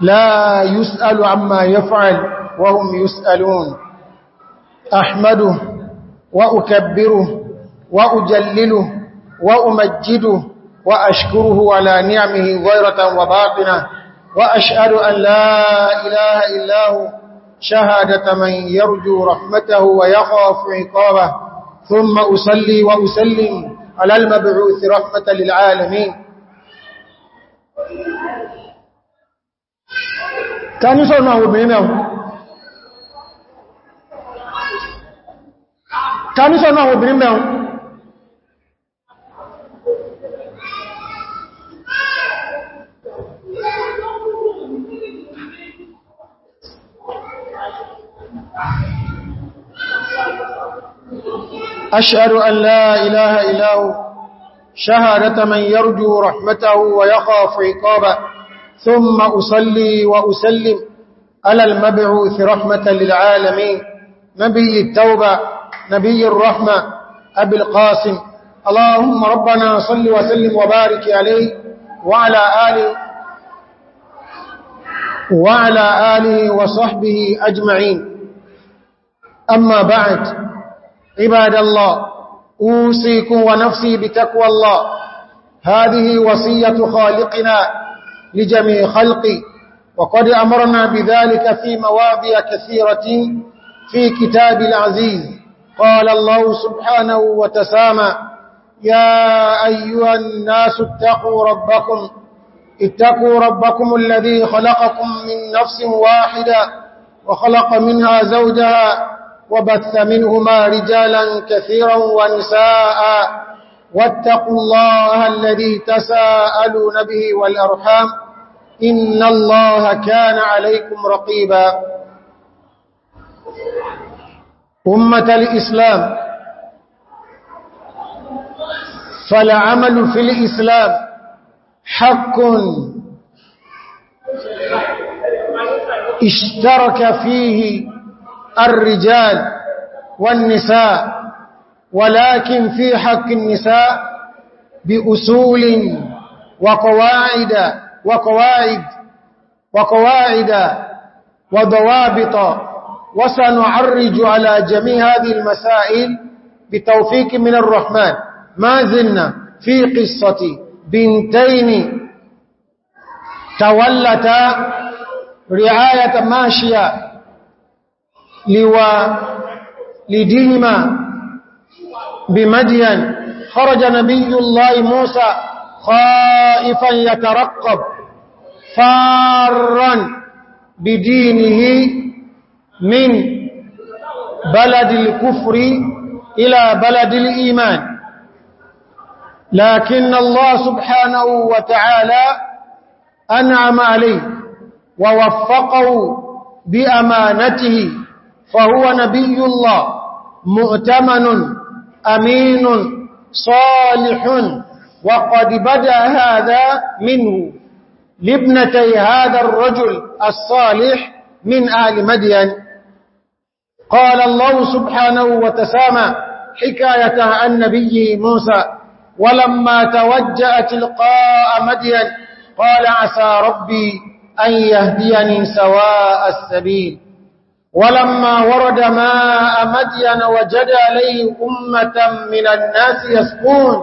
لا يسأل عما يفعل وهم يسألون أحمده وأكبره وأجلله وأمجده وأشكره على نعمه غيرة وباطنة وأشهد أن لا إله إلا هو شهادة من يرجو رحمته ويخاف عقابه ثم أصلي وأسلم على المبعوث رحمة للعالمين ta ní sọ́nà àwọn obìnrin mẹ́wọ̀n ta ní sọ́nà àwọn obìnrin mẹ́wọ̀n أشهد أن لا إله إلا هو شهادة من يرجو رحمته ويخاف عقابه ثم أصلي وأسلم على المبعوث رحمة للعالمين نبي التوبة نبي الرحمة أبي القاسم اللهم ربنا صل وسلم وبارك عليه وعلى آله وعلى آله وصحبه أجمعين أما بعد عباد الله أوصيكم ونفسي بتقوى الله هذه وصية خالقنا لجميع خلقي وقد أمرنا بذلك في مواضع كثيرة في كتاب العزيز قال الله سبحانه وتسامى يا أيها الناس اتقوا ربكم اتقوا ربكم الذي خلقكم من نفس واحدة وخلق منها زوجها وبث منهما رجالا كثيرا ونساء واتقوا الله الذي تساءلون به والأرحام إن الله كان عليكم رقيبا أمة الإسلام فالعمل في الإسلام حق اشترك فيه الرجال والنساء ولكن في حق النساء بأسول وقواعد وقواعد وقواعد وضوابط وسنعرج على جميع هذه المسائل بتوفيق من الرحمن ما زلنا في قصة بنتين تولتا رعاية ماشية لدينما بمدين خرج نبي الله موسى خائفا يترقب فارا بدينه من بلد الكفر إلى بلد الإيمان لكن الله سبحانه وتعالى أنعم عليه ووفقه بأمانته فهو نبي الله مؤتمن أمين صالح وقد بدأ هذا منه لابنتي هذا الرجل الصالح من آل مدين قال الله سبحانه وتسامى حكاية عن نبي موسى ولما توجأ تلقاء مدين قال عسى ربي أن يهديني سواء السبيل ولما ورد ماء مدين وجد عليه أمة من الناس يسقون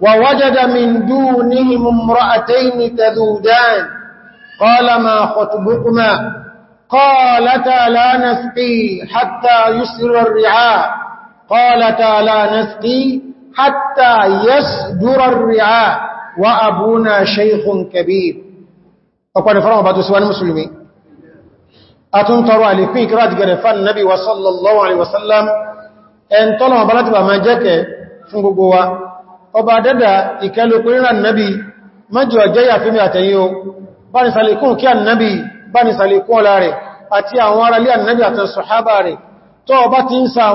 ووجد من دونهم امرأتين تذودان قال ما خطبكما قالتا لا نسقي حتى يسر الرعاء قالتا لا نسقي حتى يسدر الرعاء وأبونا شيخ كبير أقول فرما بعد سوان المسلمين àtúntọrọ àlèkún ìkírà jìgẹ̀rẹ̀ fán nàbí wa sallallahu alaihi wasallam ẹn tọ́nà ọba láti bà máa jẹ́kẹ̀ fún gbogbo wa ọba dẹ́dà ìkẹlùkúnrán nàbí mẹ́jọ jẹ́yà fún mi àtẹ̀yìn o bá ní sàlèkún kí ànàbí bá ní sàlèkún ọlá rẹ̀ àti àwọn ará lé ànàbí àtẹ̀ sọ̀hábà rẹ̀ tó ọba ti ń sa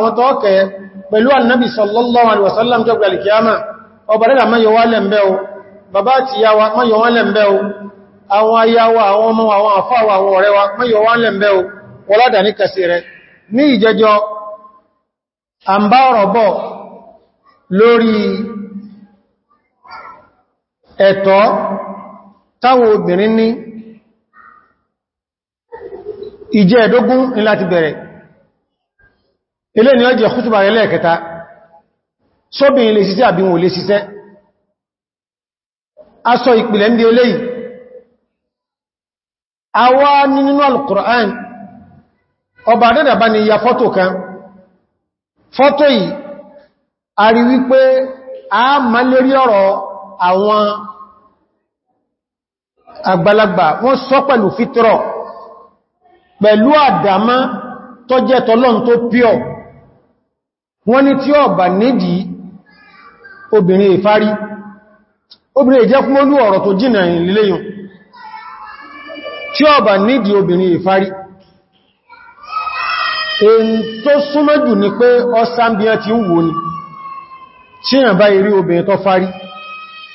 àwọn ayáwà àwọn ọmọ àwọn àfáwà àwọn ọ̀rẹ́ wa yọ wá lẹ́ mẹ́ o wọ́ládà ní kẹsì rẹ̀ ní ìjẹjọ́ àmbá ọ̀rọ̀ bọ̀ lórí ẹ̀tọ́ táwọn obìnrin ní ìjẹ́ ẹ̀dógún nílá ti bẹ̀rẹ̀ ilé ni rẹ̀ lẹ́ẹ̀kẹta àwa ní nínú al-Qur'an ọba dẹ́dà ni ya fọ́tò kan fọ́tò yìí a rí wípé a ma lè rí ọ̀rọ̀ àwọn àgbàlagbà wọ́n sọ pẹ̀lú fítírọ̀ pẹ̀lú àdámá tó jẹ́ tọ́lọ́n tó píọ̀ wọ́n ní tí ọba nídi obìnrin ìfárí obìnrin ìjẹ́kúnmọ́lú ọ̀rọ̀ tó jìnà ìlẹ́yìn tí ó bá nídi obìnrin ìfárí èyí tó súnmọ́ ni ní pé ọsánbíyàn ti ń wò ní tí ìyàn bá irí obìnrin tó fárí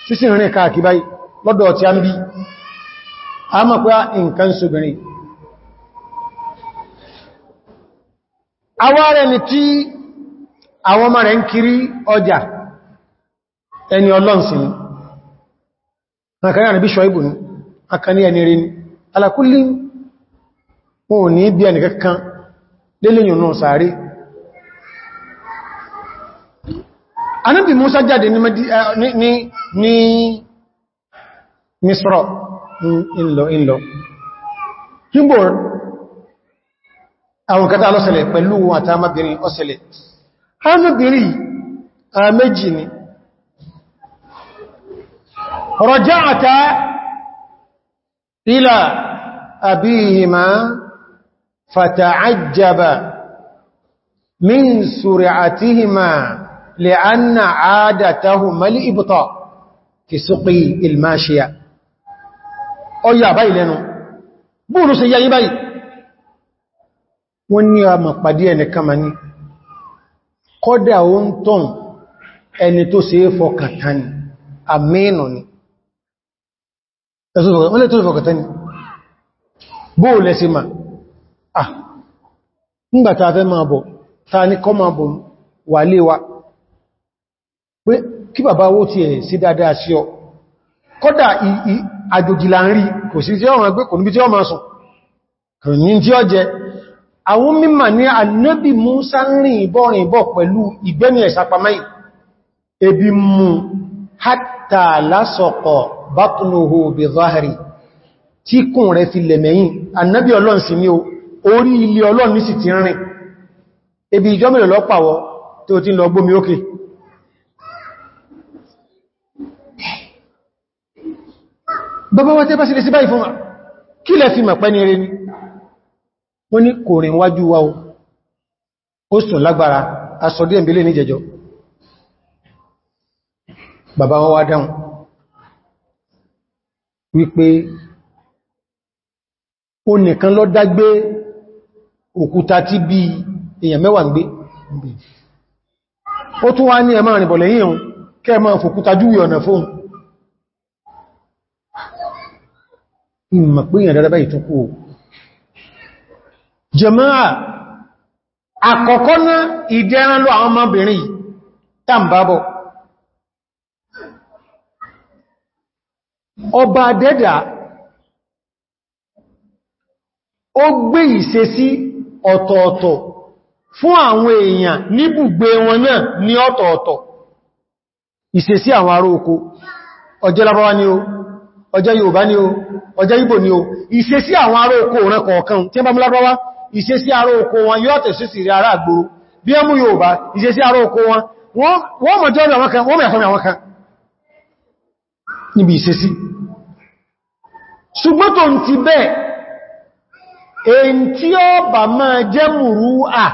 tí sì rìn káàkì báyìí lọ́dọ̀ ọ̀tí a ń bí a mọ̀ pé nǹkan sóbìnrin awá rẹ̀ ni tí àwọn ọmọ rẹ̀ ń kiri ọjà ẹni ọlọ́nsìn ni ni alákúlé wọn ò ní bí ẹni kankan léléyìn náà sáré anábì Musa jáde ní misro ìlọ ìlọ kígbò àwọn kata lọ́sẹ̀lẹ̀ pẹ̀lú àtàmàbìnrin ọ̀sẹ̀lẹ̀ hánàbìnrin a méjì ni rọjá àtàmàbìnrin إلى أبيهما فتعجب من سرعتهما لأن عادتهما الإبطاء كسقي الماشية ó yà báyìí lẹ́nu bóòlù sí yáyí báyìí wọ́n ní a mọ̀ pàdé ẹnìkan ma ní kọ́dà ó ń tọ́n ẹni tó ṣe é fọkàntán àmínú ni wọ́n lè tó ìfọ̀kàtẹ́ ni bóò lẹ́sí ma à ńgbàtà fẹ́ máa bọ̀ ta ní kọ́ máa bọ̀ wà léwa pé kí bàbá owó ti ẹ̀ sí dáadáa sí ọ kọ́dà àjòjìlà ń rí kò sí tí ọmọ ẹgbẹ́ kò níbi tí ọmọ sùn kò ní tí ọ jẹ àwọn mímà ní Ànábì Mùsá ń rìn ìbọ̀ pẹ̀lú ìgbẹ́ni ẹ̀sàpamáì ebi mú hátà lásọ̀kọ̀ọ́ bátúnúhù bí záhari tí kùn rẹ̀ fi lẹ̀ mẹ́yìn annabi ọlọ́n sí ní o orí ilé ọlọ́n ní sì ti rìn ebi ìjọ́mìnà lọ́pàwọ́ tí ó ti lọ gbómi ókè bọ́bọ́ wọ́n tẹ́ bá sílé sí báyìí fún kí lẹ fi mọ̀pẹ́ ní eré wọ́n ní kò rìn wájú wa ó sùn lágbára asọ̀dí ẹ̀mílé ní jẹjọ bàbá wọn wá dáhùn wípé ó nìkan ló dágbé òkúta tí bí èèyàn mẹ́wàá ń gbé ó tún wá ní ẹmọ́ rìnbọ̀ lẹ́yìn ohun kẹ́ mọ́ fòkúta júwì ọ̀nà fóun ìmọ̀ pé èèyàn dáadáa ìtún kú jẹmáà àkọ́kọ́ náà ìdẹ́ran àwọn ọmọbìnrin tàbábọ̀ ọba dẹ́dà ó gbé ìṣesí ọ̀tọ̀ọ̀tọ̀ fún àwọn èèyàn níbùgbé wọn náà ní ọ̀tọ̀ọ̀tọ̀ isesi àwọn ará oko labawa ni o ọjọ́ Yorùbá ni o ọjọ́ ibò ni o ìṣesí àwọn ará oko kọ̀ọ̀kan tí bá mú sí ṣùgbọ́n tó ń ti bẹ́ẹ̀ èyí tí ó bà máa jẹ́ mùrú à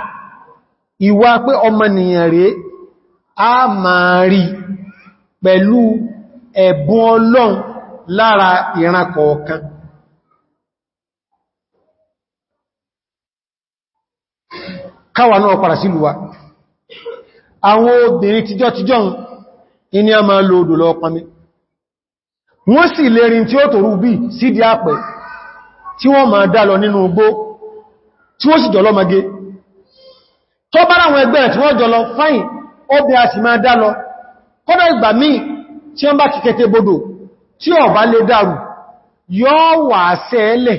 ìwà pé ọmọnìyàn rẹ̀ a máa rí pẹ̀lú ẹ̀bùn ọlọ́run lára ìran kọ̀ọ̀kan káwà náà padà sí lùwà àwọn obìnrin tíjọ́ tíjọ́ ìní a máa lò odò lọ pàmí wọ́n sì lẹ́rin tí ó tòrú bí sídi àpẹ̀ tí wọ́n máa dá lọ nínú igbó tí wọ́n sì jọlọ mage tó bá ráwọn ẹgbẹ́ tí wọ́n jọlọ fáyìn ọbẹ̀ a sì máa dá lọ kọ́nà ìgbà míì tí wọ́n bá kìkẹtẹ bodò tí ó bá lè dàrú yóò wà sẹ́ẹ̀lẹ̀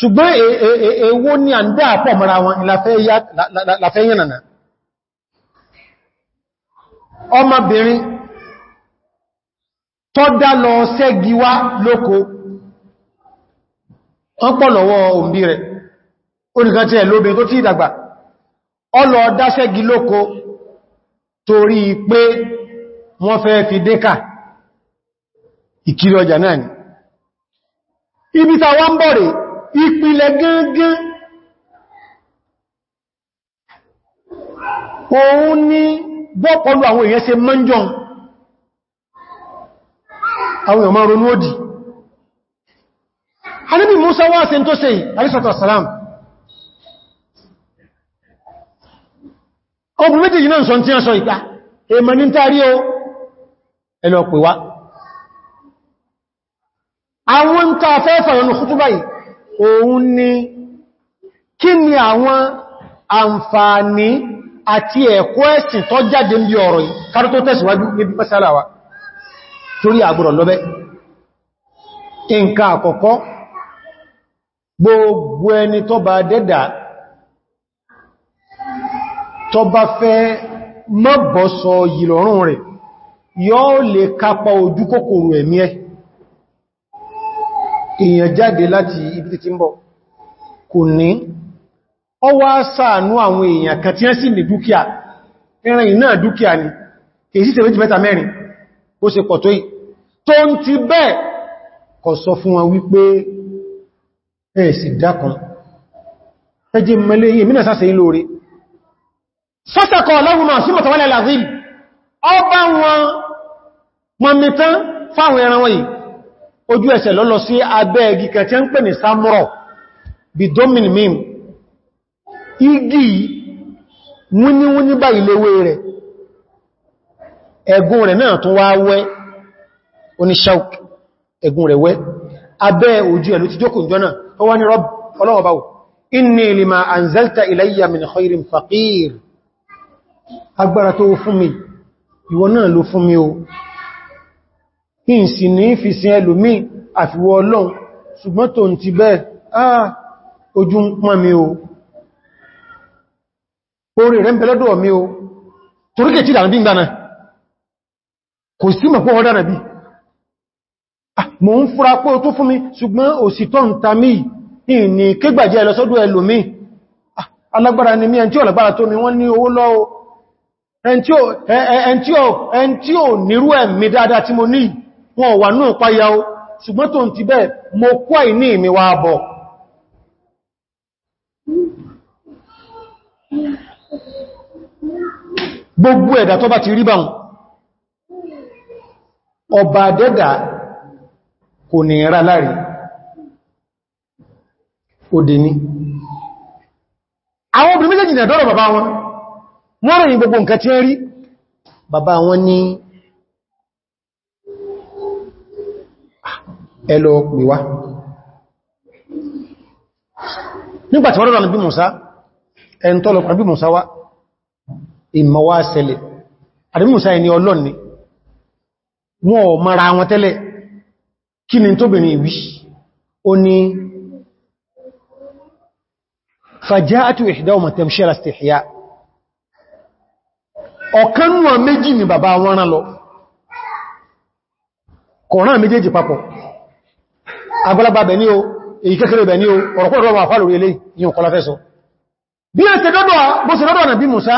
ṣùgbọ́n èwo e, e, e, ni à ń dá àpọ̀ mara wọn ìlàfẹ́ yànnà ọmọbìnrin tó dá lọ ṣẹ́giwá lóko wọ́n pọ̀ lọ́wọ́ òmìbí rẹ̀ oníkàtí ẹ̀ lóbi tó tí ìdàgbà ọlọ dáṣẹ́gi lóko torí pé wọ́n fẹ́ fi dékà ìkiri ọjà náà ni ibi tàwọn bọ̀rẹ̀ ìpìlẹ̀ gángan òun ní bọ́pọ̀lú àwọn èèyàn ṣe mọ́njọ́n àwọn èèyàn máa ronú òdì Ànábì Musa wá sí tó ṣe àrísọ̀tọ̀ sàlám ọmọ méjèèjì náà sọ tí a sọ ìpá èèmọ̀ ní tàrí o ẹlọ pè wá àwọn tàfẹ́fẹ́ ọ̀nà kútúbáyìí òun ni kí ni àwọn àǹfààní àti ẹ̀kọ́ ẹ̀sìn tó jáde ní ọ̀rọ̀ yìí kárí tó tẹ̀síwájú níbi pẹ́sàlàwà torí àgbọ̀rọ̀ lọ́bẹ́ nǹkan àkọ́kọ́ gbogbo ẹni tó bá dẹ́dà tó bá fẹ́ mọ́bọ̀sọ ìlọ̀rún rẹ̀ yóò lè kápa ojú kòkòrò ẹ̀mí ẹ̀ èèyàn jáde láti ibi tí ń bọ̀ kò ní ọ wá ṣàánú àwọn èèyàn kan tí wọ́n sì ní dúkìá ẹran iná dúkìá ni èyí sí méjì mẹ́ta mẹ́rin ó ṣe pọ̀ tó yìí tó ń ti bẹ́ẹ̀ kò sọ fún wọn wípé ẹ̀ dákan ẹjẹ́ mẹ́lẹ́ yìí mínà sáṣẹ́ ilóore sọ́sẹ̀kọ̀ ọlọ́run ojú ẹsẹ̀ lọ́lọ sí abẹ́ igi kẹtẹ́ ń pè domin mim igi wúníwúní bá iléwé rẹ̀ ẹ̀gùn rẹ̀ náà tún wá wẹ́ oníṣàuk ẹ̀gùn rẹ̀ wẹ́ abẹ́ ojú ẹ̀lú ti jókùn jọ náà tó wá ní Rabb ọlọ́ọ̀báwò inni lima anzalta ilayya min khairin faqir agbára tó fún mi ìwọ náà ló fún mi o ìsì ní fi sin ẹlòmí àfiwọ́ ọlọ́run ṣùgbọ́n tó ń ti bẹ́ẹ̀ àà ah, ojú ń pọ́n mi o orí rẹ̀ ń bẹ̀lọ́dọ̀ mi o toríkẹ̀ tí dàndí ìgbàna kò sí mọ̀ pọ́wọ́ dára bí ah, ah, ni mí ẹn tí ò lágbára tó mi wọ́n ní owó lọ́wọ́ ẹn tí ò nírú ẹ̀mí dáadáa tí mo ní wọn wà náà páyá o ṣùgbọ́n tó ń ti bẹ́ẹ̀ mo kọ́ ìní mi wá bọ̀ gbogbo ẹ̀dà tó bá ti rí bá wọn ọba dẹ́dà kò ní ra láre òdè ni àwọn obìnrin méjèèjì nà bàbá wọn wọ́n rẹ̀ yìí gbogbo nǹkan tí ń rí bàbá wọn ni ẹlọ pèwá nígbàtí wọ́n rọrùn bí Musa ẹn tọ́lọ pẹ̀lú bí Musa wá ìmọ̀wá sẹlẹ̀ àdí Musa ẹni ọlọ́ni wọ́n ò mara wọn tẹ́lẹ̀ kí ni tóbìnrin ìwí ó ní fàjáàtù ihdahuma tamshi ala àgbàlagbà bẹ̀ ní o èyí kékeré bẹ̀ ní o ọ̀rọ̀pọ̀ ọ̀rọ̀ wà fàlórí ilé yíò kọlá fẹ́ sọ bí ẹ̀sẹ̀ dọ́dọ̀ bó ṣe dọ́dọ̀ nà bí Musa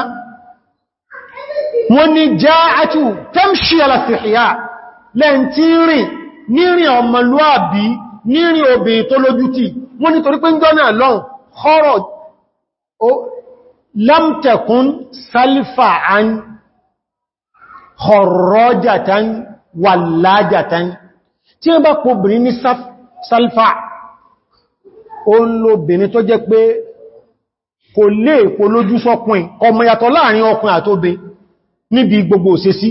wọ́n ni já àtú tẹ́mṣì alàsìkìyà lẹ́n tí rìn nírin ọmọlúàbí nírin ní sáfì salfa o ń lo obìnrin tó jẹ́ pé kò lè èpò lójú sọ́kùn ọmọ yàtọ̀ láàrin ọkùn àtóbi níbi gbogbo òsesí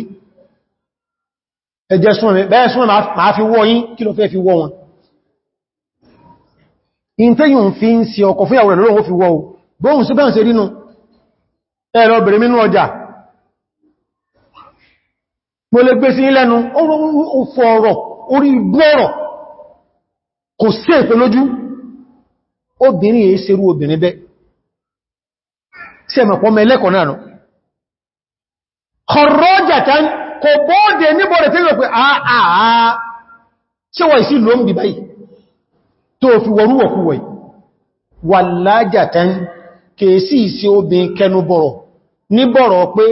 ẹjẹ́ súnmọ̀ bẹ́ẹ̀ súnmọ̀ máa fi wọ́ yín kí ló fẹ́ fi wọ́ wọn in tẹ́ yùn fi ń se ọkọ̀ fún ìyàwó lọ́wọ́ fi wọ́ o bóhun sí bẹ́ẹ̀ se rínú ẹ̀rọ kò sí èpè lójú obìnrin èé serú obìnrin bẹ́ sí ẹ̀mọ̀pọ̀ mẹ́lẹ́kọ̀ọ́ náà nù kọ̀rọ̀jàtán kò bọ́ọ̀dẹ̀ níbọ̀ rẹ̀ tẹ́lẹ̀ pé àà ṣe wà ìsí lóòm dìbáyì tó fi wọrúwọ̀kúwọ̀ wàlájàtán kèèsí ìsí obìnrin kẹnu bọ̀rọ̀ níbọ̀rọ̀ pé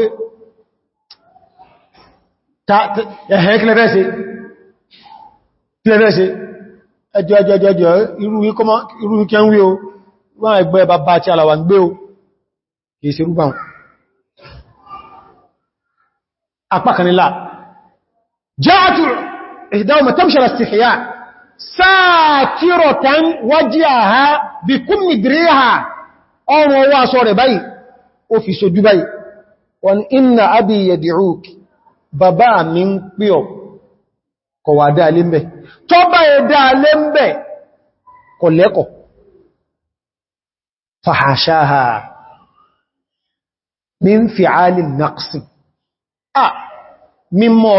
ẹ̀hẹ́ ẹjọ́ ẹjọ́ ẹjọ́ ẹjọ́ irú wíkẹ́ ń wí o wọ́n ẹgbẹ́ bàbá àti àlàwà ń gbé o kìí ṣe rúbà apákanilá jẹ́àtù ìdáwọn mẹ́tẹ́mṣẹ́lá stìkìyà sáàtírọ̀tán wájí àhá bí kún nìdíríhà ọrùn ọwọ́ aṣọ rẹ̀ báyìí ó fi mi ń pè ọ́ kọ̀ wà dáa lé ń tó bá yẹ dáa lé ń alim kọ̀ lẹ́kọ̀ fàhàṣáhà min fi'ali à ah,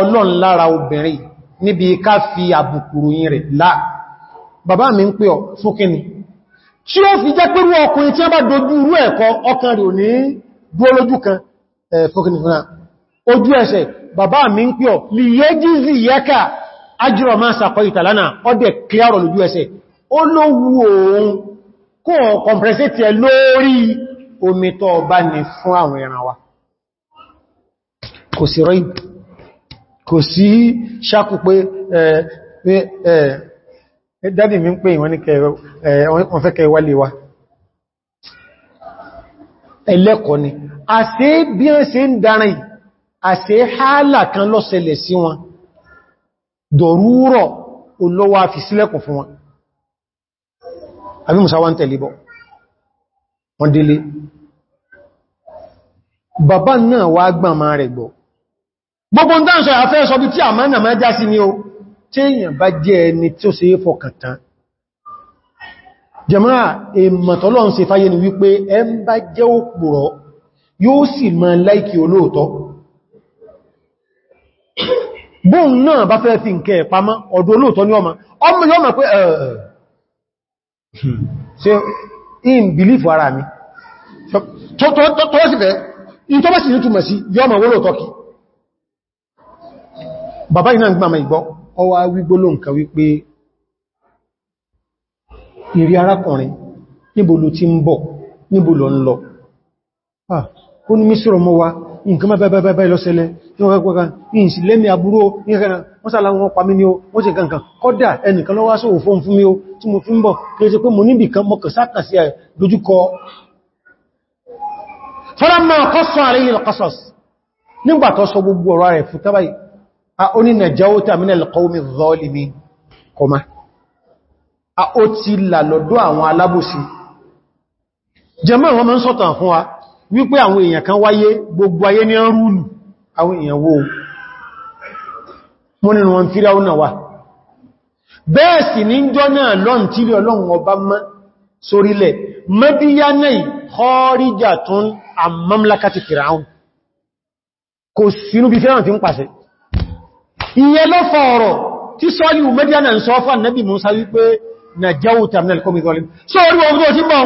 ọlọ́n lára obìnrin níbi ká fi àbùkùrù yìn rẹ̀ láà bàbá mi ń pè ọ fúnkíni tí ó fi jẹ́ pẹ̀lú ọkùnrin tí a bá dojú irú ẹ̀kọ́ ọkàn rẹ̀ eh, mi ń pè ọ lè yẹ́ ajírọ̀ máa sàkọ̀ ìtàlánà ọdẹ̀ kíyàrọ̀ lójú ẹsẹ̀ ó ló wú òun kó kọmpresẹ́tì ẹ lórí omi tó bá ní fún àwọn ẹran wa kò sí rọ́ kò sí ṣákù pé dádì mi ń pè wọ́n ní wọ́n fẹ́ dọ̀rúrọ̀ olówó àfi sílẹ̀kùn fún wọn àbí musa wá ń tẹ̀lé bọ́ wọ́n délé bàbá náà wá gbọ́n máa rẹ̀ gbọ́ gbogbo ń dáǹsọ àfẹ́ sọ bí tí àmánà máa já sí ni o tí èyàn bá jẹ́ ẹni tí ó se é fọkàntán jẹmọ́ra èmọ̀tọ́lọ́ bóun náà bá fẹ́ fi nkẹ́ pamọ́ ọ̀dọ̀ olóòtọ́ ní ọmọ ọmọ yọ́ mọ̀ pé ẹ̀ẹ̀ ṣe hmm. in belief ara mi tó in tó bá sì sí yọ́ mọ̀ kí bàbá iná ìgbọ́ ọwá wígbóló nǹkan wípé ìrí arákùnrin níbo ló ti ń bọ̀ níbo lọ ń lọ ah, nǹkan bẹ́ẹ̀bẹ́ẹ̀bẹ́ lọ́sẹ̀lẹ̀ ìsìlẹ́mì àbúrò wọ́n sàlá wọn pa mí ní o wọ́n ṣe kankan kọ́dà ẹnìkan lọ́wọ́ sóò fún fún mi o tí mo fi ń bọ̀ kí ṣe pé mo níbì kan mọ́kàn sákàsí dojúkọ falamma qassa alayhi al-qasas nígbà tó sọ gbogbo ọ̀rọ̀ rẹ̀ fún tábáyì a ó àwọn alábòsí ń sọ́tàn fún wa wípé àwọn èèyàn kan wáyé gbogbo ayé ní ọrúlù àwọn èèyàn wo mọ́ nínú wọn fíra ọ̀nà wà bẹ́ẹ̀ sì ní jọ náà lọ́n tí lè ọlọ́run ọba mọ́ sórílẹ̀ mẹ́díyánẹ̀ kọ́ríjà tún àmọ́mlákàtì fìràún kò sínú bí fìràún ti ń pàṣẹ ìyẹ́ ló fọ ọ̀rọ̀ na jẹ́ òtàmìnà ìkọ́mìtọ́lẹ̀ sọ́rí ọgbọ́ sí mọ́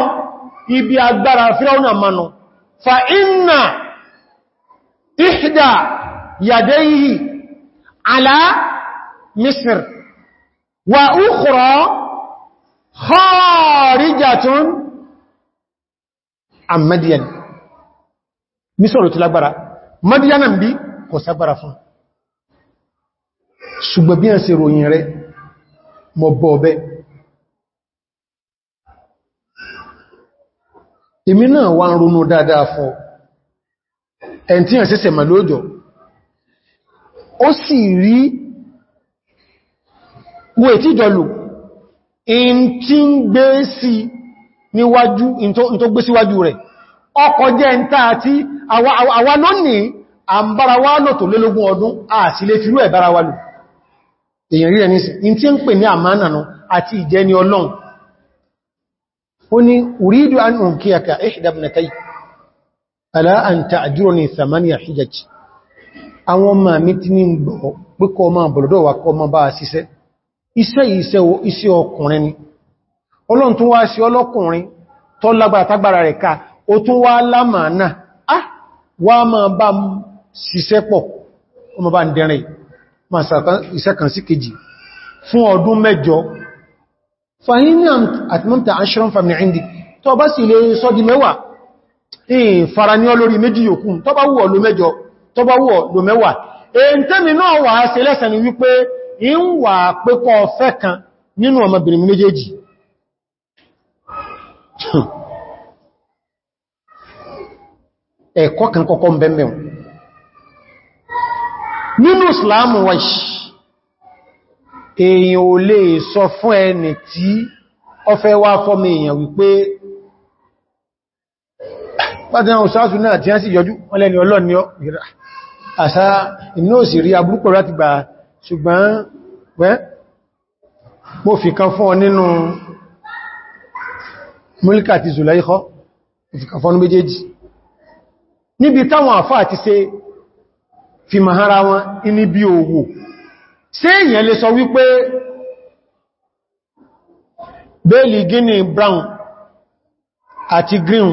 ibi agbára fìràún àmànà فإن إحدى يديه على مصر وأخرى خارجة عن مدين مصر تلقبرا مدين أنبي قصبرا فان ṣùgbọ́n bí ẹ̀sẹ̀ ròyìn rẹ̀ mọ̀ bọ̀ bẹ́ẹ̀ èmi náà wá ń ronú dáadáa fún ẹn tí yàn sẹ́sẹ̀ mà lóòjọ́ ó sì rí wo ètí ìjọlù in tí ń gbé sí níwájú in tó gbé síwájú rẹ̀ ọkọ̀ jẹ́ ń táà tí àwa lónìí à ń bára wá lò tó lélógún ọdún àti lè fi rú ẹ̀ bára wá lò èyàn rí ẹni sí in tí ń pè ní àmánà àti ìjẹni ọlọ́run kuni uridu an unkiyaka ihda ibnatai ala an ta'jurni thamaniya hijaj awon ma mitini ngbo pe ko ma bolodo wa ko ma ba sisẹ. ise ise o ise okunrin ni olodun tun wa si olokunrin to lagba tagbara re ka o tun wa lamana ah wa ma ba sise po o ma ba nderin ma sa kan ise kan si fàyín àtìmọ́mta aṣírán fàmì àìndì tó bá si lè sọ di mẹ́wàá fara ní olórí méjì yòókù tó bá wùọ̀ ló mẹ́jọ tó bá wùọ̀ ló mẹ́wàá èyí tẹ́mi náà wà á ṣe lẹ́sẹ̀ ni wípé in kan nínú mbembe méjèèjì ẹ̀kọ́ kan kọ́kọ́ mbẹ̀mẹ̀ nínú Islam wáyìí èèyàn ò lè sọ fún ẹni tí ọ fẹ́ wá fọ́mí èèyàn wípé pàtàkì àwọn òṣàtù náà tí wọ́n sì yọjú wọ́n lẹ́ni ọlọ́ni ọ́ àṣà ìmú ò rí aburúkọ̀ láti gbà ṣùgbọ́n wẹ́ mo fi kan fún ọ nínú múlíkà ti zùláìkọ́ ìfìkan fún méjèèjì níbi táwọn àfáà ti ṣe fi mahara wọn inú owó ṣé èyàn lè sọ wípé bẹ́ẹ̀lì guinea brown àti green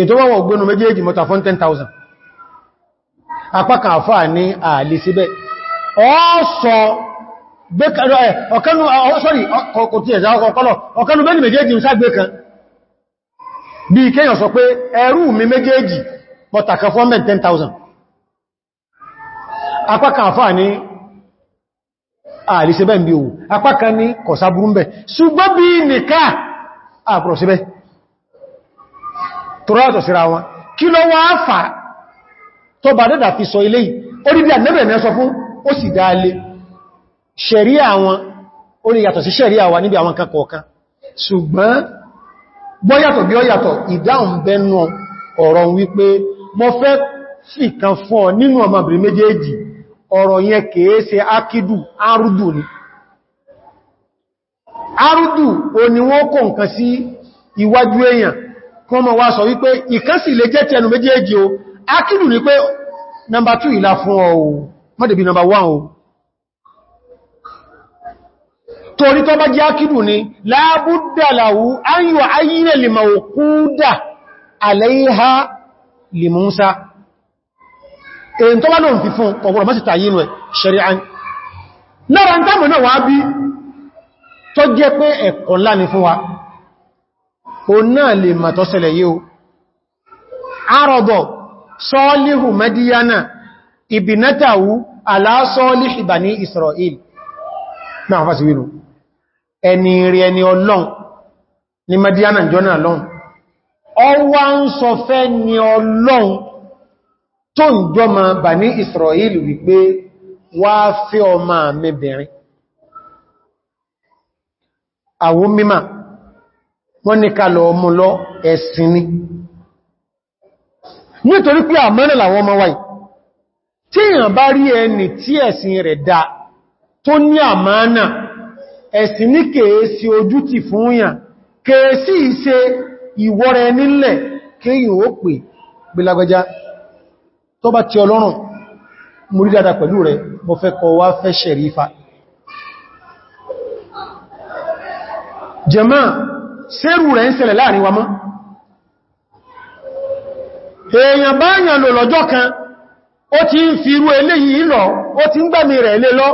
ètò wọ́wọ́ ògbónú méjèèjì mọ́ta fún 10,000 apákan àfáà ní ààlè síbẹ̀ ọ́sọ ọ̀kanú ọ̀sọ́rì kò tí ẹ̀zá ọkọ̀ọ̀kọ́lọ̀ ọ̀kanú bẹ́ẹ̀lì méjèèjì ń sáàgbé kan bí kéèyàn sọ pé ẹrú mi méjèèjì mọ́ta kan fún 10,000 ààlè ṣe bẹ́ẹ̀ bí òun apá kan ní kọ̀sáburú ń bẹ̀ ṣùgbọ́n bí nìká àpùrọ̀ síbẹ̀ tọ́rọ̀tọ̀ síra wọn kí ló wá fà tó bá dẹ́dà fi sọ ilé orí bí sọ fún ó sì dáalé ṣẹ̀ríà wọn ó ní yàtọ̀ sí wa níbi àwọn kankan ṣùgbọ́n bọ́yàtọ̀ bí ọyàtọ̀ ìdáhùn bẹ́nu ọ̀rọ̀ wípé mo fẹ́ fìkan fún ọ̀rọ̀ yẹn kèé ṣe ákídù arúdù ni arúdù o ni wọ́n kò nǹkan sí èèyàn mọ̀ wá sọ wípé ìkan sì o akidu ni pé nọmbà 2 ìlà fún ọ o mọ́dẹ̀bí nọmbà 1 o torí ni bá jẹ́ akidu ni lábúdàláwú ayọ̀ ayínẹ̀ lè òkúdà ha èyí tó bá lóòrùn fi fún ọgbọ̀n mọ́sí tàyí inú ẹ̀ ṣẹ̀rí'án lára ń dámọ̀ náà wá bí tó jẹ́ pé ẹ̀kọ́ ńlá ni fún wa o náà lè mà tó ṣẹlẹ̀ yíò arọ̀bọ̀ sọ́ọ́líhù mẹ́díyánà ìbìnátàwú aláṣọ́ọ́líhì tó ń jọmọ bà ní Israel wípé wá fẹ́ ọmọ mẹ́bìnrin àwọn mímà wọ́n ní kalọ̀ ọmọ lọ ẹ̀sìn ni nítorí pé àmọ́nà làwọn ọmọ wáyìí tí èyàn bá rí ẹni tí ẹ̀sìn rẹ̀ dá tó ní àmọ́nà ẹ̀sìn ní kèèsí ojú ti fún yàn kèèsí ìṣe ìwọ́rẹ nílẹ̀ kéyìn ó pè gbìlagbàjá tó bá ti ọlọ́rùn mú rí dáadáa pẹ̀lú rẹ̀ mo fẹ́ kọ wá fẹ́ ṣẹ̀rífà jẹ́mà sẹ́rù rẹ̀ ń ṣẹlẹ̀ láàrin wa mọ́ èèyàn báyàn lò lọ́jọ́ kan ó ti ń fi irú eléyìí lọ ó ti ń gbẹ̀mí rẹ̀ lé lọ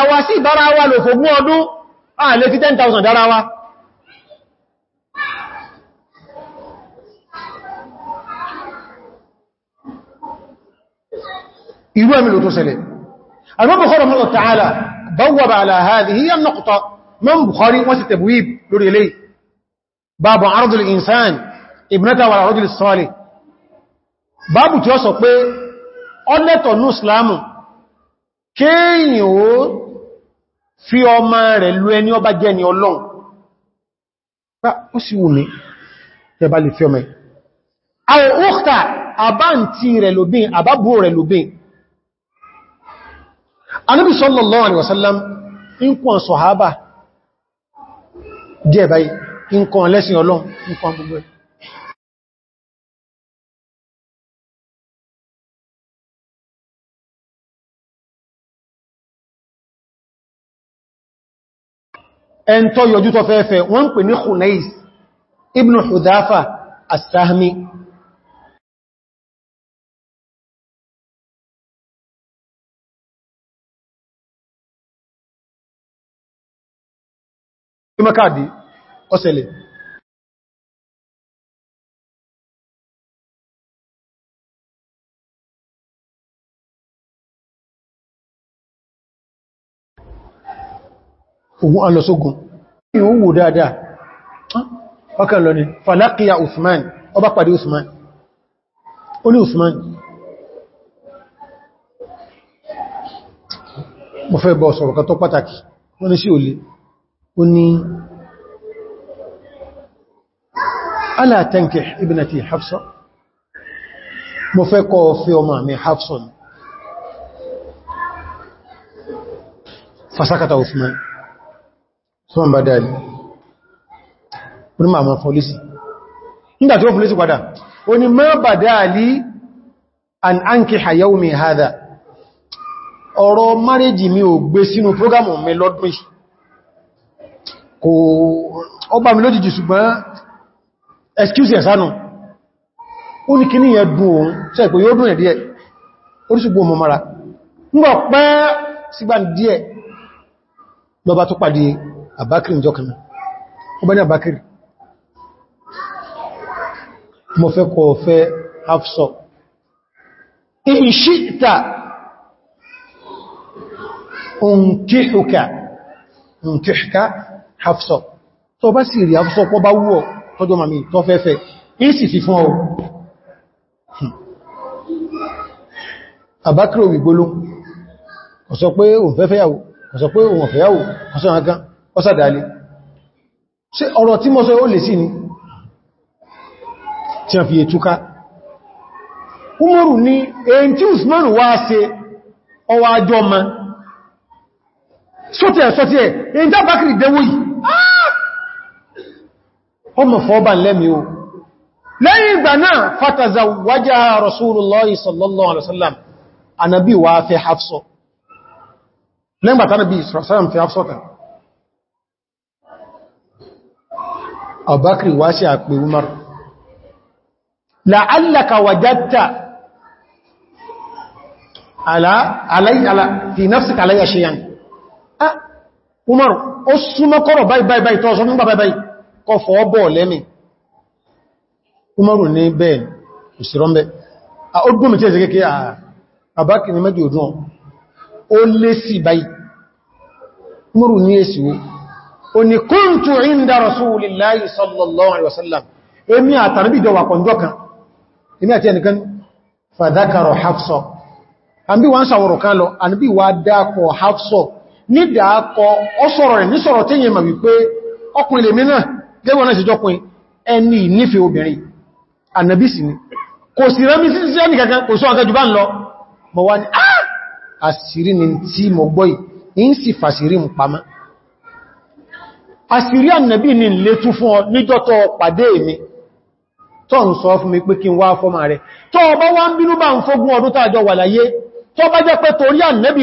àwa sì wa lò fògún ọdún ààlé fi 10,000 dára wa irú ẹ̀mí ló tó ṣẹlẹ̀ al-Imam Bukhari rahimahullah ta'ala bawwaba ala hadhihi an-nuqta Imam Bukhari wọ́n sì tabwib lórí eléyìí babu ardu al-insan ibnata wa rajul salih babu tí ó sọ pé ọlẹ́tọ̀ ní islamu kéèyàn ó fi ọmọ rẹ̀ lú ẹni ọba jẹ́ ni rẹ̀ lóbin àbábò rẹ̀ lóbin anábi sallallahu alaihi wasallam in kọ́ sọ̀hábà díẹ̀ báyìí in kọ́ lẹ́sìn ọlọ́run in kọ́ gbogbo ẹ̀ ẹntọ́ yọjú tọ́fẹ́fẹ́ wọ́n pè ní Khunais ibn Hudhafa as mọ́kàdì ọ̀sẹ̀lẹ̀ ogun alọ́sógun ní òun wò dáadáa ọkàn lọ ni falakiya usman ọba pàdé usman ó ní usman mo fẹ́ bọ́ sọ̀rọ̀ kan tó pàtàkì wọ́n ní sí ó ní ala tankih ibnati Hafsa mo fẹ́ kọ́ fẹ́ ọmọ mi Hafsa ni fasakata Usman Usman bá dáadì onímọ̀ àwọn fọ́lísì nígbà tí ó fọ́lísì padà ó ní mọ́ bà dáadì an ankiha yawmi hadha ọ̀rọ̀ márèjì mi ò gbé sínú prógámù mi lọ́dún yìí kò ó bá mi lójijì ṣùgbọ́n excuse ẹ̀ sánà ó ní kí ní yẹn dùn òun tẹ́ ìpò yóò dùn ẹ̀ díẹ̀ oríṣùgbò ọmọ mara ńgbọ̀ pẹ́ sígbà díẹ̀ lọba tó pàdé àbákìrì ìjọkànlá ó bá ní àbákìrì mo fẹ́ kọ̀ fẹ́ Hafsa ìṣíta òǹkíhùkà òǹkíhùkà Hafsa tó bá sì rí Hafsa pọ́ bá wúọ̀ tọ́jọ́ màmí tó fẹ́fẹ́ ìsì sí fún ọ àbákírò ìgbóló ọ̀sọ pé òun fẹ́fẹ́ yàwó ọ̀sọ pé òun ọ̀fẹ́ yàwó ọ̀sọ àgán ọ̀sàdálé ṣe ọ̀rọ̀ tí mọ́ sọ ó lè sí ni tí a fi ètúká Umaru ni èyí tí Usmanu wá ṣe ọwọ́ ajọ́ máa sótí ẹ̀ sótí ẹ̀ èyí já bákìrì dẹwó yìí ọmọ fọ́ọ̀bà lẹ́mí o lẹ́yìn ìgbà náà fataza wájá rasulullahi sallallahu alaihi wasallam anabi wa fẹ́ hafsọ lẹ́gbà tánàbí sallam fẹ́ hafsọ ta abakri wá sí àpè umar la'allaka wajatta ala alayhi ala Umar ó súnmọ́ kọ́rọ̀ báyìí báyìí báyìí tọ́ọ̀sọ́ nígbà báyìí báyìí kọ fọ́ bọ̀ lẹ́mì Umaru ní bẹ́ẹ̀ ìṣìrọ́mbẹ̀ ó gbọ́mì tí ẹ̀sẹ̀ kéèkéé àbákì ní mẹ́jì òdún ó lé sí báyìí Umaru ní èsì wo ó ní kuntu inda Rasulillahi sallallahu alaihi wasallam èmi àti Ànábì jọ wà kọ̀njọ́ kan èmi àti ẹnìkan fa dhakara Hafsa Ànábì wá ń sàwọ̀rọ̀ kan lọ Ànábì wá dákọ̀ Hafsa nídà akọ ọsọ̀rọ̀ rẹ̀ nísọ̀rọ̀ tí yẹ ma wípé ọkùn ilẹ̀ mìíràn gẹ́gbọ́n náà ìṣẹ́jọ́pin ẹni nífẹ́ obìnrin ànàbísì ni kò sí rẹ́mí sí sí ẹni kò sọ jù bá ń lọ mọ̀ wá ah! ni tí mọ̀ gbọ́ì ni lè tú fún ọ níjọ́tọ̀ pàdé mi tọ́ ń sọ fún mi pé kí n wá fọ́mà rẹ̀ tọ́ ọba wá ń bínú bá ń fógún ọdún tààjọ wà láyé tọ́ bá jẹ́ pé torí ànẹ́bì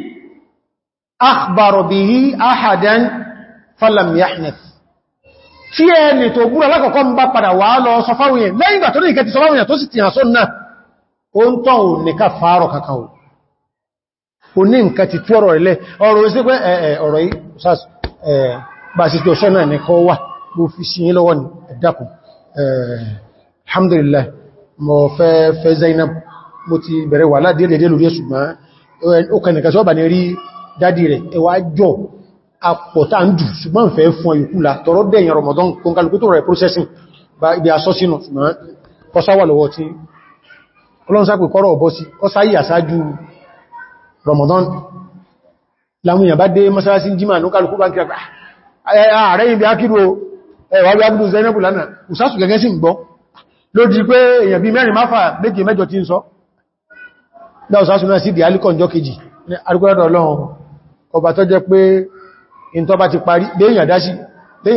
أخبر به أحدا فلم يحنث tí ẹni tó búra lákọ̀ọ́kọ́ ń bá padà wà lọ sọ fáwọn èèyàn lẹ́yìn ìgbà tó ní ìkẹ́ ti sọ fáwọn èèyàn tó sì ti hàn só náà o ń tọ́ òun nìka fàárọ̀ kaka o o ní nǹkan ti tú ọ̀rọ̀ ilẹ̀ ọ̀rọ̀ isi ọ̀rọ̀ yìí dádì rẹ̀ ẹwà jọ àpọ̀tà ń dù ṣùgbọ́n fẹ́ fún ọyùkúlà tọrọ dẹ̀yìn Ramadan kọkàlùkú tó rẹ̀ processing bá ibi asọ́ sínú ṣùgbọ́n kọsáwà lọ́wọ́ tí ọlọ́nsápẹ̀ kọ́rọ̀ ọ̀bọ́ sí ọsáyì àsájú Ramadan láwọn èèyàn bá dé mọ́sálásí jímà ní kálùkú bá ń kíra ah, ah, ààrẹ ibi akíru ẹwà bí abúdó zainabu lánàá ìsásù gẹ́gẹ́ sí ń gbọ́ ló di pé èèyàn bí mẹ́rin máfà méje mẹ́jọ tí ń sọ dáwọ̀sásù náà sí di alíkọ̀njọ́ kejì ní arúgbọ́dọ̀ ọlọ́run ọba tó jẹ́ pé ìntọ́ bá ti parí léyìn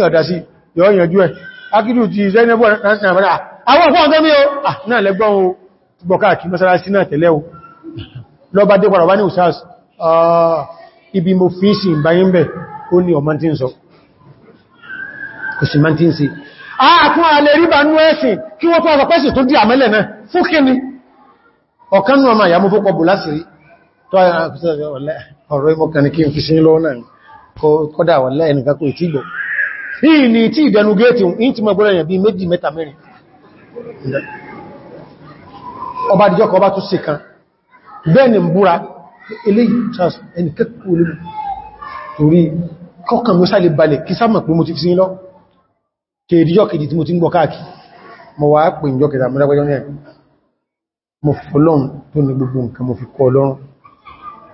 àdásí yọ́ ìyànjú ẹ̀ akídù ti zainabu ránṣẹ́ ah, àwọn ọ̀fọ́ ọ̀gọ́ mí o ah, náà lẹ́gbọ́n o gbọ́ká àkí mọ́sálásí náà tẹ̀lé o lọ́bá dé pàrọ̀wá ní usas ah, ibi mo fi sí ìbáyínbẹ̀ ó ní ọmọ tí ń sọ kò sí máa tí ń sí ààkún alẹ́ ríbà ní ẹ̀sìn kí wọ́n tó ọ̀rọ̀ pẹ́sì tó dí àmẹ́lẹ̀ náà fún kí ni ọ̀kan ní ọmọ ìyàmú fún pọ̀bù lásìrí tó ààrẹ ọ̀rọ̀ ìmọ̀kànní kí n fi sí lọ́wọ́ kọ́dà wà láì nìkan kò ìtìgbọ̀ yìí ni tí ìdẹnu gẹ́ẹ̀tì ń ti mọ̀gbọ́n èèyàn bí méjì mẹ́ta mẹ́rin ọba àdíjọ́ kan ọba tún sí kan bẹ́ẹ̀ ni búra eléyìí charles ẹni kẹ́kọ̀ọ́ olóòrùn torí kọ́kàn mọ́ sáàlẹ̀ balẹ̀ kí sáàmà pé mo ti fi sí lọ kí ìdíjọ́ kejì tí mo ti ń gbọ́ mo fọ́lọ́run tó ní gbogbo nǹkan mo fi kọ́ ọlọ́run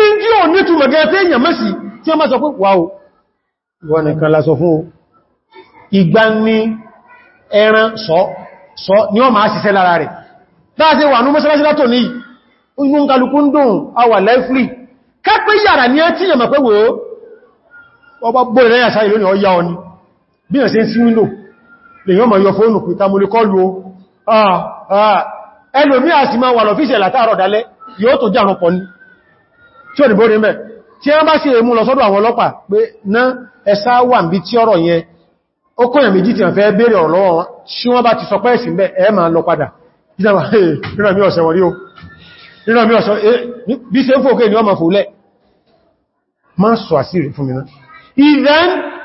ìjí ò ní túnmọ̀ gẹ́ tí èyàn mẹ́sì tí ó máa sọ pé wà ó wọ́n nìkan lásọ fún o ìgbà ní ẹran sọ sọ ní ọ máa ṣiṣẹ́ lára rẹ̀ dáadé wà ní mọ́sánásí látò ní inú kálukú ń ni bí ẹ̀ sí ń sí wíńdò lè yọ́ mọ̀ yọ fóònù pé ta múlé kọlu o ah, ah. ẹlòmí àsìmá wà lọ́fíìsẹ̀ látàrọ̀ dalẹ́ yóò tó jàrùn pọ̀ ni tí ò ní bóri mẹ́ tí wọ́n bá sì èmú lọ sọ́dọ̀ àwọn ọlọ́pàá pé ná ẹsá wà ń bí tí ọ̀rọ̀ yẹn ó kọ́ ìyàn méjì tí wọ́n fẹ́ bèèrè ọ̀rọ̀ lọ́wọ́ tí wọ́n bá ti sọ pẹ́ẹ̀sì mẹ́ ẹ máa lọ padà ìdán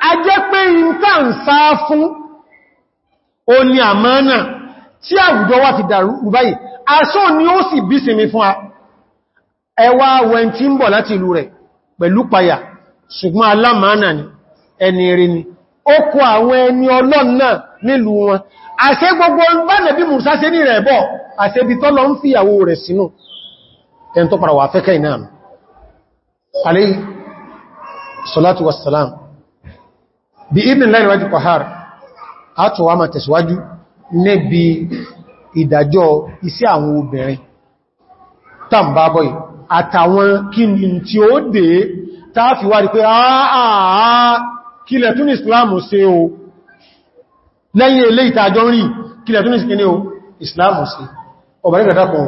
ajẹ́ pé ìta ń sá fún oní àmánà ni ó sì bí sinmi ẹwà wẹn tí ń bọ̀ láti ìlú rẹ̀ pẹ̀lú payà ṣùgbọ́n alámàánà ni ẹni rí ni ó kọ àwọn ẹni ọlọ́n náà nílùú wọn àṣẹ gbogbo bánà bí Mùsá ṣe ní rẹ̀ bọ̀ àṣẹ bí tọ́lọ ń fi ìyàwó rẹ̀ sínú ẹn tó para yìí àtàwọn kí ni tí ó dé tààfi wá di pé àà kílẹ̀ tún Islam ṣe o lẹ́yìn ilé ìtàjọ́ rí kílẹ̀ tún ìsìnkí o Islam ṣe ọ̀bẹ̀rẹ̀ ìgbẹ̀dàpọ̀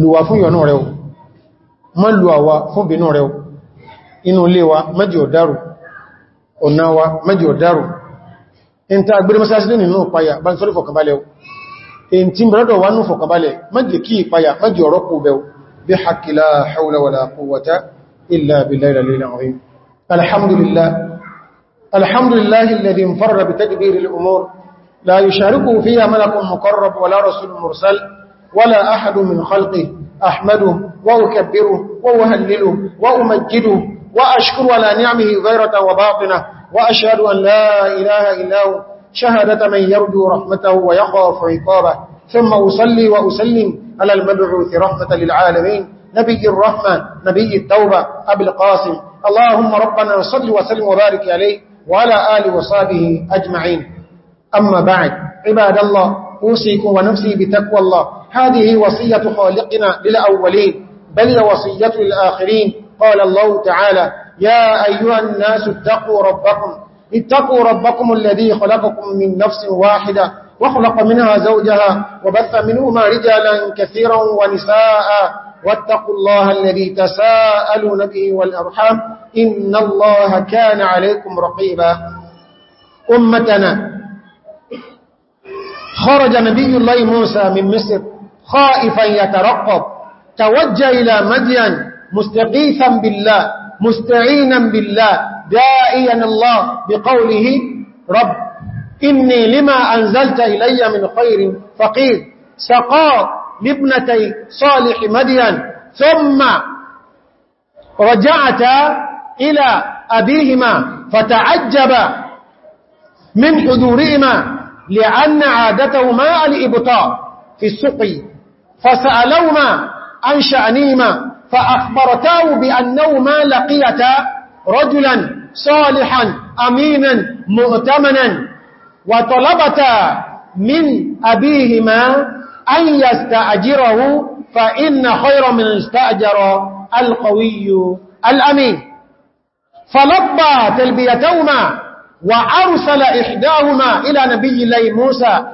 lùwà fún ìyọ̀nà rẹ̀ o mọ́ lùwà wa fún bínú rẹ̀ o inú ilé wa mẹ́jì ọ̀dárù ọ̀nà wa mẹ́jì ọ̀dárù in ta gbé mẹ́sàásí nínú ìpayà bá ń sọ́rí fọ̀kànbalẹ̀ o fọ̀kànbalẹ̀ mẹ́jì kí ìpayà mẹ́jì ọ̀rọ̀pù bẹ̀ بحق لا حول ولا قوة إلا بالليل الليل العظيم الحمد لله الحمد لله الذي انفر بتدبير الأمور لا يشاركه فيها ملك مقرب ولا رسول مرسل ولا أحد من خلقه أحمده وأكبره وأهلله وأمجده وأشكر على نعمه غيرة وباطنة وأشهد أن لا إله إلا هو شهادة من يرجو رحمته ويخاف عقابه ثم أصلي وأسلم على المبعوث رحمة للعالمين نبي الرحمة نبي التوبة أبي القاسم اللهم ربنا صل وسلم وبارك عليه وعلى آل وصابه أجمعين أما بعد عباد الله أوسيكم ونفسي بتقوى الله هذه وصية خالقنا للأولين بل وصية للآخرين قال الله تعالى يا أيها الناس اتقوا ربكم اتقوا ربكم الذي خلقكم من نفس واحدة وخلق منها زوجها وبث منهما رجالا كثيرا ونساء واتقوا الله الذي تساءلون به والأرحام إن الله كان عليكم رقيبا أمتنا خرج نبي الله موسى من مصر خائفا يترقب توجه إلى مدين مستقيثا بالله مستعينا بالله دائيا الله بقوله رب إني لما أنزلت إلي من خير فقير سقاء لابنتي صالح مدين ثم رجعت إلى أبيهما فتعجب من حضورهما لأن عادتهما الإبطاء في السقي فسألوما عن شأنهما فأخبرتاه بأنهما لقيتا رجلا صالحا أمينا مؤتمنا وطلبتا من أبيهما أن يستأجره فإن خير من استأجر القوي الأمين فلبى تلبيتهما وأرسل إحداهما إلى نبي الله موسى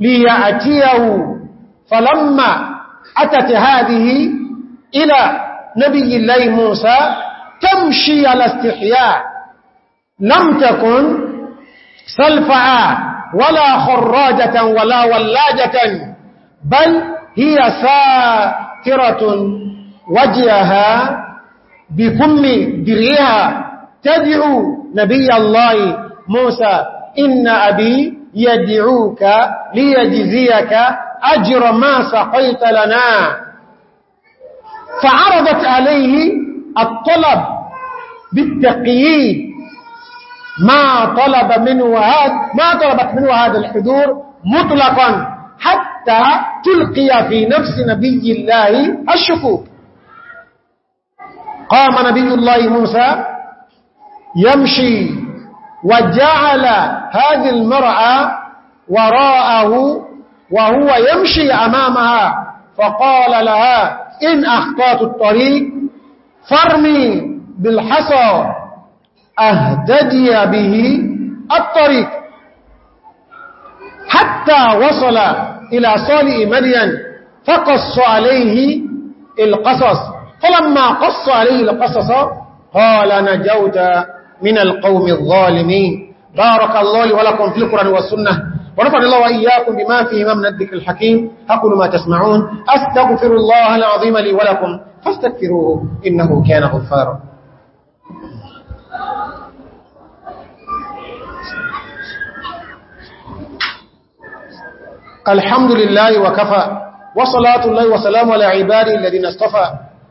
ليأتيه فلما أتت هذه إلى نبي الله موسى تمشي على استحياء لم تكن سلفعا ولا خراجة ولا ولاجة بل هي ساترة وجهها بكم دريها تدعو نبي الله موسى إن أبي يدعوك ليجزيك أجر ما سقيت لنا فعرضت عليه الطلب بالتقييد ما طلب منه هذا ما طلبت منه هذا الحضور مطلقا حتى تلقي في نفس نبي الله الشكوك قام نبي الله موسى يمشي وجعل هذه المرأة وراءه وهو يمشي أمامها فقال لها إن أخطأت الطريق فارمي بالحصى أهتدي به الطريق حتى وصل إلى صالئ مدين فقص عليه القصص فلما قص عليه القصص قال نجوت من القوم الظالمين بارك الله لي ولكم في القرآن والسنة ونفعل الله وإياكم بما فيه من الذكر الحكيم أقول ما تسمعون أستغفر الله العظيم لي ولكم فاستكفروه إنه كان غفارا الحمد لله وكفى وصلاة الله وسلام على عباده الذين اصطفى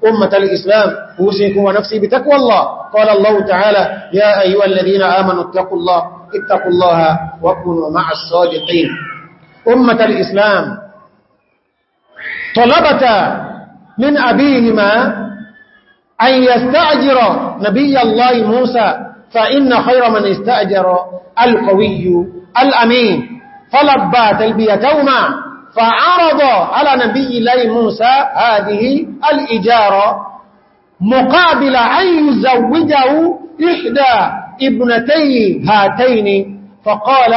أمة الإسلام أوسيكم ونفسي بتقوى الله قال الله تعالى يا أيها الذين آمنوا اتقوا الله اتقوا الله وكونوا مع الصادقين أمة الإسلام طلبت من أبيهما أن يستأجر نبي الله موسى فإن خير من استأجر القوي الأمين طلب تلبيتهما فعرض على نبي الله موسى هذه الإجارة مقابل أن يزوجه إحدى ابنتي هاتين فقال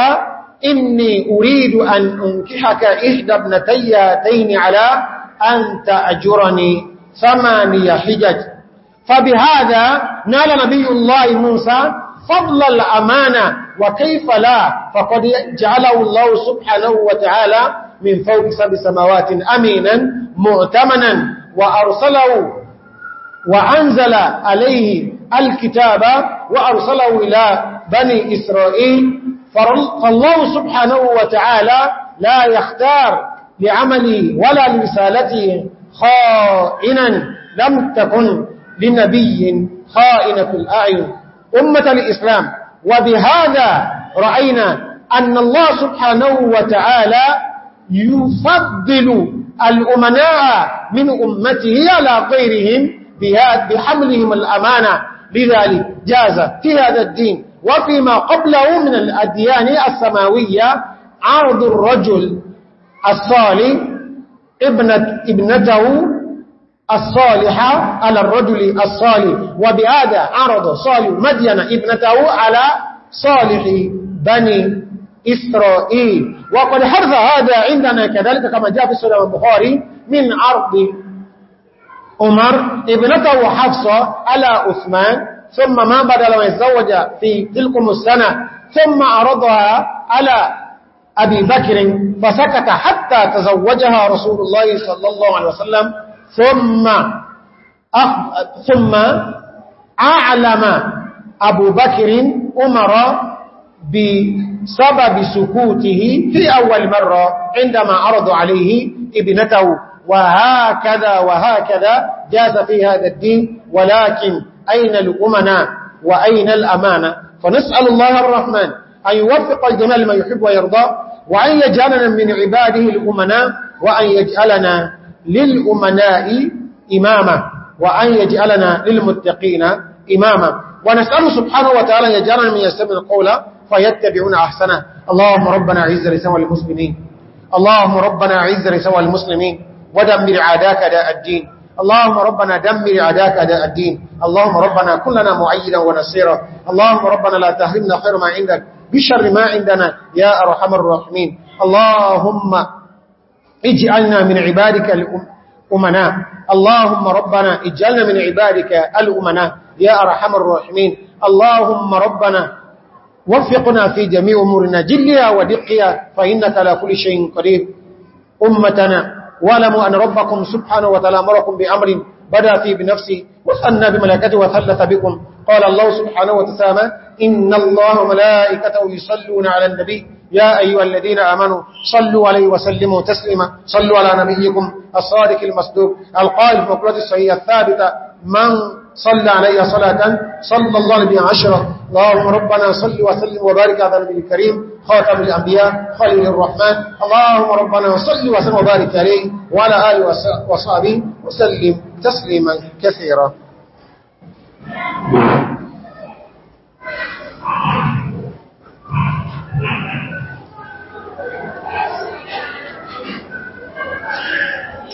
إني أريد أن أنكحك إحدى ابنتي هاتين على أن تأجرني ثماني حجج فبهذا نال نبي الله موسى فضل الأمانة وكيف لا فقد جعله الله سبحانه وتعالى من فوق سبع سماوات أمينا مؤتمنا وأرسله وأنزل عليه الكتاب وأرسله إلى بني إسرائيل فالله سبحانه وتعالى لا يختار لعمله ولا لرسالته خائنا لم تكن لنبي خائنة الأعين أمة الإسلام وبهذا رأينا أن الله سبحانه وتعالى يفضل الأمناء من أمته على غيرهم بحملهم الأمانة لذلك جاز في هذا الدين وفيما قبله من الأديان السماوية عرض الرجل الصالح ابنته الصالحة على الرجل الصالح وبهذا عرض صالح مدينة ابنته على صالح بني إسرائيل وقد حرث هذا عندنا كذلك كما جاء في سورة البخاري من عرض عمر ابنته حفصة على أثمان ثم ما بدل يتزوج في تلك السنة ثم عرضها على أبي بكر فسكت حتى تزوجها رسول الله صلى الله عليه وسلم ثم أخ... ثم أعلم أبو بكر أمر بسبب سكوته في أول مرة عندما أرض عليه ابنته وهكذا وهكذا جاز في هذا الدين ولكن أين الأمنا وأين الأمانة فنسأل الله الرحمن أن يوفق الجمال ما يحب ويرضى وأن يجعلنا من عباده الأمنا وأن يجعلنا للأمناء إماما وأن يجعلنا للمتقين إماما ونسأل سبحانه وتعالى يجعلنا من يستمع القول فيتبعون أحسنه اللهم ربنا عز لسوى المسلمين اللهم ربنا عز لسوى المسلمين ودمر عاداك داء الدين اللهم ربنا دمر عداك داء الدين اللهم ربنا كلنا معيدا ونصيرا اللهم ربنا لا تهرمنا خير ما عندك بشر ما عندنا يا أرحم الراحمين اللهم اجعلنا من عبادك الأمناء اللهم ربنا اجعلنا من عبادك الأمناء يا أرحم الراحمين اللهم ربنا وفقنا في جميع أمورنا جليا ودقيا فإنك لا كل شيء قريب أمتنا واعلموا أن ربكم سبحانه وتعالى أمركم بأمر بدأ فيه بنفسه وثنى بملائكته وثلث بكم قال الله سبحانه وتعالى إن الله ملائكته يصلون على النبي يا أيها الذين آمنوا صلوا عليه وسلموا تسلما صلوا على نبيكم الصادق المصدوق القائل في مقلة الصحية الثابتة من صلى علي صلاة صلى الله عليه عشرة اللهم ربنا صل وسلم وبارك على النبي الكريم خاتم الأنبياء خليل الرحمن اللهم ربنا صل وسلم وبارك عليه وعلى آله وصحبه وسلم تسليما كثيرا Thank you.